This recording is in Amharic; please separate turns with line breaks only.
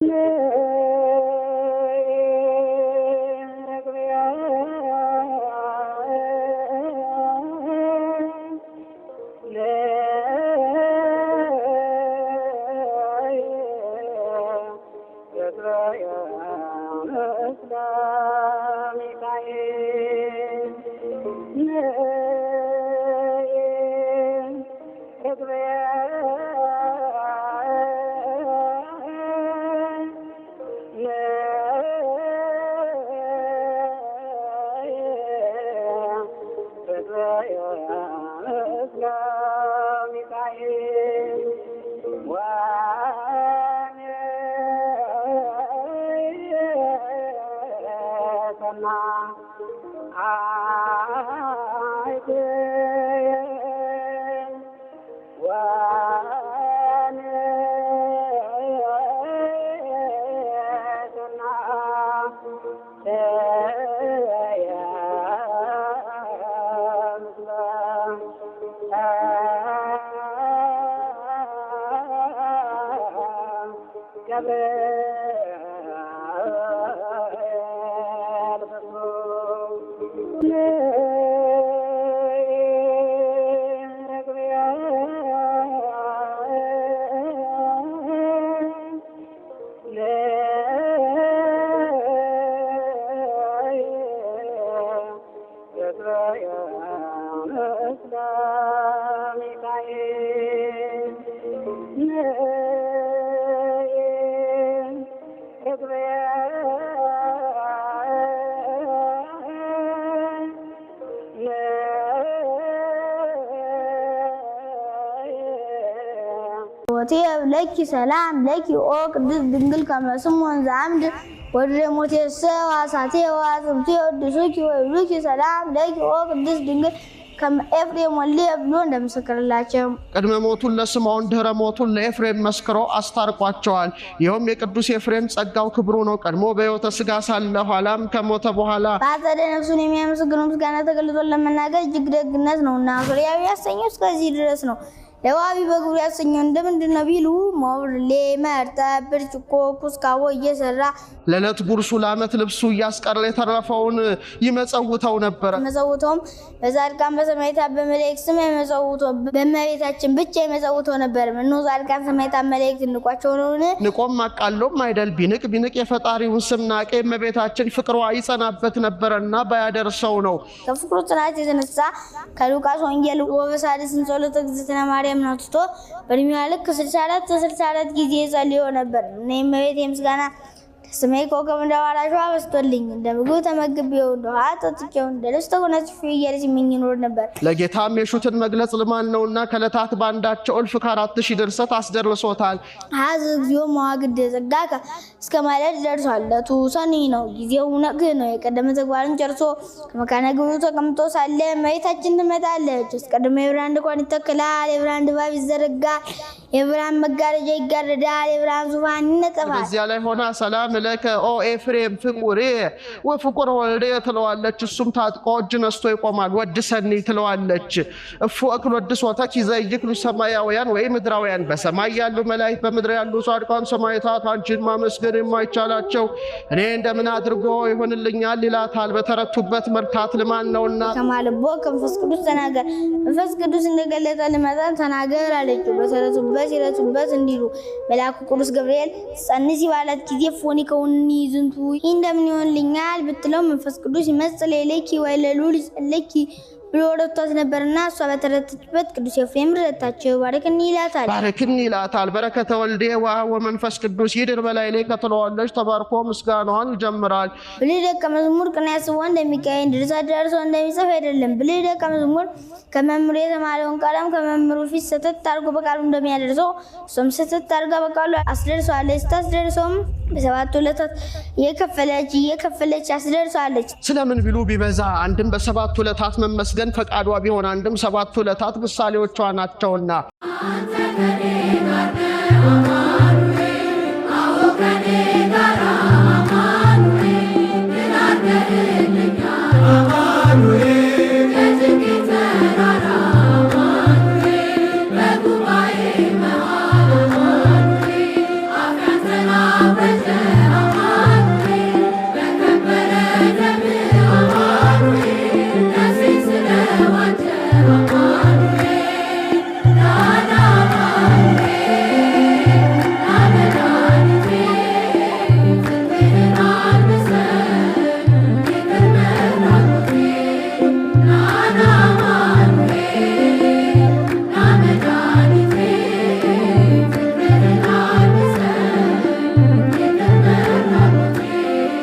耶。Gabriel. وتيب لك سلام لك اوك ضد دنجل كما سمون زعمد ወደ ሞቴሰው አሳቴዋ ጽብቴ ወድሱኪ ወይሉኪ ሰላም ለኪ ኦ ቅድስት ድንግል ከኤፍሬም ወሌ ብሎ እንደምስክርላቸው
ቅድመ ሞቱን ለስምዖን ድህረ ሞቱን ለኤፍሬም መስክሮ አስታርቋቸዋል። ይኸውም የቅዱስ ኤፍሬም ጸጋው ክብሩ ነው። ቀድሞ በሕይወተ ሥጋ ሳለ ኋላም ከሞተ በኋላ
በአጸደ ነፍሱን የሚያመሰግኑ ምስጋና ተገልጦ ለመናገር እጅግ ደግነት ነውና ሶርያዊ ያሰኘው እስከዚህ ድረስ ነው። ለዋቢ በግሩ ያሰኘው እንደምንድን ነው ቢሉ ሞብሌ መርጠ ብርጭቆ ኩስካቦ እየሰራ
ለዕለት ጉርሱ ለዓመት ልብሱ እያስቀረ የተረፈውን ይመጸውተው ነበረ።
መጸውተውም በጻድቃን በሰማይታ በመላእክት ስም የመጸውቶ በመቤታችን ብቻ የመጸውተው ነበር። እነሆ ጻድቃን ሰማዕታት መላእክት ንቋቸው ነውን?
ንቆም አቃሎም አይደል ቢንቅ ቢንቅ የፈጣሪውን ስም ናቄ እመቤታችን ፍቅሯ ይጸናበት ነበረና ባያደርሰው ነው።
ከፍቅሩ ጥናት የተነሳ ከሉቃስ ወንጌል ወበሳድስን ጸሎተ እግዝእትነ ማርያም ማርያምን አውጥቶ በእድሜዋ ልክ ስልሳ አራት ስልሳ አራት ጊዜ ጸልዮ ነበር። እኔም እመቤቴ ምስጋና ስሜ ኮከብ እንደባላሸዋ በስቶልኝ እንደ ምግብ ተመግቤው እንደ ውሃ ጠጥቼው እንደ ልብስ ተጎናጽፌ እያለ ሲመኝ ይኖር ነበር።
ለጌታም የሹትን መግለጽ ልማድ ነውና ከዕለታት ባንዳቸው እልፍ ከአራት ሺህ ድርሰት አስደርሶታል።
ሀዝ እግዚኦ መዋግድ ጸጋ እስከ ማለት ደርሷል። ዕለቱ ነው፣ ጊዜው ነግህ ነው። የቀደመ ተግባርን ጨርሶ ከመካነ ግብሩ ተቀምጦ ሳለ መሬታችን ትመጣለች። አስቀድሞ የብርሃን ድንኳን ይተከላል፣ የብርሃን ድባብ ይዘረጋል፣ የብርሃን መጋረጃ ይጋረዳል፣ የብርሃን ዙፋን ይነጠፋል።
በዚያ ላይ ሆና ሰላም ለከ ኦ ኤፍሬም ፍቁሬ ወፍቁር ወልዴ ትለዋለች። እሱም ታጥቆ እጅ ነስቶ ይቆማል። ወድሰኒ ትለዋለች። እፉ እክል ወድሶተኪ ዘይክሉ ሰማያውያን ወይ ምድራውያን በሰማይ ያሉ መላእክት በምድር ያሉ ጻድቃን ሰማዕታት አንቺን ማመስገን የማይቻላቸው እኔ እንደምን አድርጎ ይሆንልኛል ይላታል። በተረቱበት መርታት ልማን ነውና
ከማልቦ ከመንፈስ ቅዱስ ተናገር መንፈስ ቅዱስ እንደገለጠ ልመጠን ተናገር አለችው። በተረቱበት ይረቱበት እንዲሉ መልአኩ ቅዱስ ገብርኤል ጸንሲ ባላት ጊዜ ፎኒከ ከውኒ ዝንቱ ይህ እንደምን ይሆንልኛል ብትለው መንፈስ ቅዱስ ይመጽእ ለይለኪ ወይለሉል ይጸለኪ ብሎ ረድቷት ነበርና እሷ በተረተችበት ቅዱስ ኤፍሬም ረታቸው። ባረክኒ ይላታል።
ባረክኒ ይላታል። በረከተ ወልዴ ዋ ወመንፈስ ቅዱስ ይድር በላይ ላይ ከተለዋለች ተባርኮ ምስጋናዋን ይጀምራል።
ብልህ ደቀ መዝሙር ቅኔ አስቦ እንደሚቀኝ ድርሳት ደርሶ እንደሚጽፍ አይደለም። ብልህ ደቀ መዝሙር ከመምህሩ የተማረውን ቃላም ከመምህሩ ፊት ሰተት አድርጎ በቃሉ እንደሚያደርሰው እሷም ሰተት አድርጋ በቃሉ አስደርሰዋለች። ስታስደርሰውም በሰባት ሁለታት እየከፈለች እየከፈለች አስደርሰዋለች።
ስለምን ቢሉ ቢበዛ አንድም በሰባት ሁለታት መመስገን ዘንድ ፈቃዷ ቢሆን አንድም ሰባቱ ዕለታት ምሳሌዎቿ ናቸውና አንተ ከኔ ጋር አማኑኤል አዎ ከኔ ጋር